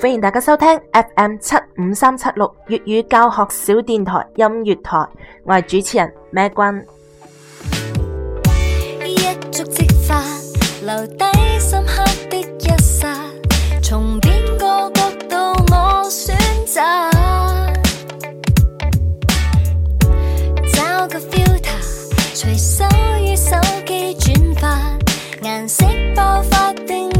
歡迎大家收聽 FM 七五三七六粵語教學小電台音樂台，我係主持人咩君。一觸即發，留低深刻的一剎，從邊個角度我選擇？找個 filter，隨手於手機轉發，顏色爆發定。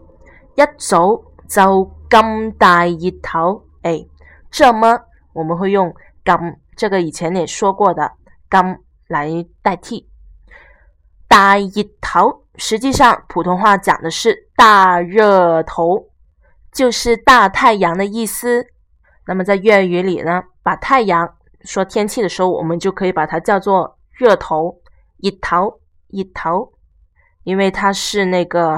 一早就咁大熱頭，誒、哎，這麼我們會用咁這個以前也說過的咁來代替大熱頭。實際上普通話講的是大熱頭，就是大太陽的意思。那麼在粵語裏呢，把太陽說天氣的時候，我們就可以把它叫做熱頭，熱頭，熱頭，因為它是那個。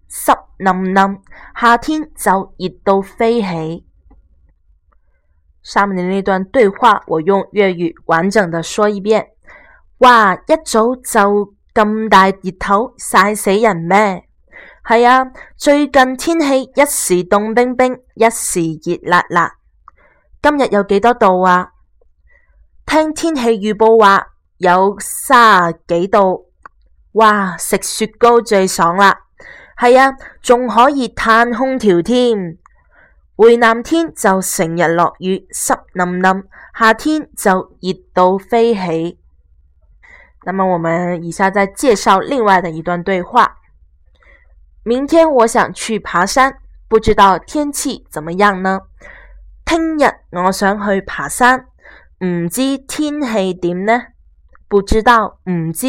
濕淰淰，夏天就熱到飛起。下面呢段對話，我用粵語完整的說一遍。哇，一早就咁大熱頭，曬死人咩？係啊，最近天氣一時凍冰冰，一時熱辣辣。今日有幾多度啊？聽天氣預報話有卅幾度。哇，食雪糕最爽啦！係啊，仲可以嘆空調添。回南天就成日落雨，濕淰淰；夏天就熱到飛起。那麼我們以下再介紹另外的一段對話。明天我想去爬山，不知道天氣怎麼樣呢？聽日我想去爬山，唔知天氣點呢？不知道，唔知。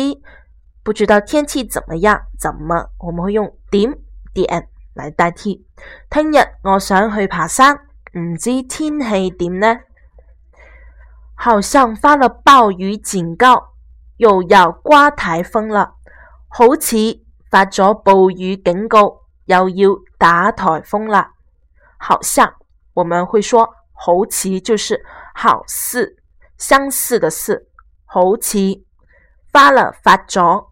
不知道天氣怎麼樣，怎麼我們會用點點來代替？聽日我想去爬山，唔知天氣點呢？好像發了暴雨警告，又要颳颱風了。好似發咗暴雨警告，又要打颱風喇。好像我們會說，好似就是好似相似的似，好似發了發咗。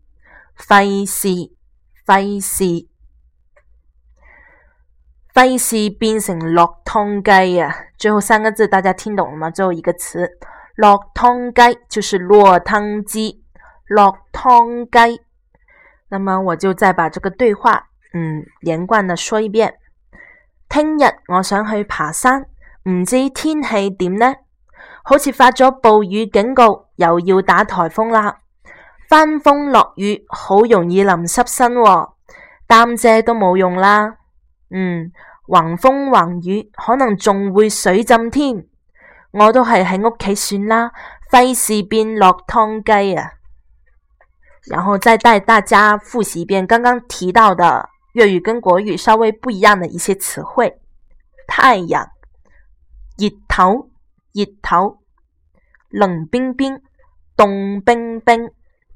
費事，費事，費事變成落湯雞啊！最後三個字，大家聽懂了嗎？最後一個詞，落湯雞就是落湯雞，落湯雞。那麼我就再把這個對話，嗯，連貫的說一遍。聽日我想去爬山，唔知天氣點呢？好似發咗暴雨警告，又要打台風啦。翻風落雨，好容易淋濕身喔，擔遮都冇用啦。嗯，橫風橫雨，可能仲會水浸添。我都係喺屋企算啦，費事變落湯雞啊。然後再帶大家復習一遍剛剛提到的粵語跟國語稍微不一樣的一些詞彙：太陽、熱頭、熱頭、冷冰冰、凍冰冰。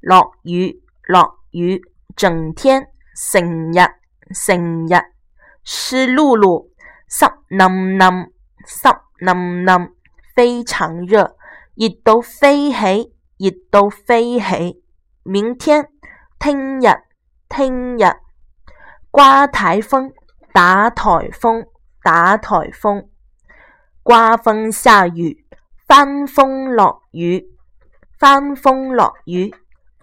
落雨，落雨，整天成日成日，日濕漉漉、濕淰淰、濕淰淰，非常熱，熱到飛起，熱到飛起。明天、聽日、聽日刮颱風，打颱風，打颱風，刮風下雨，翻風落雨，翻風落雨。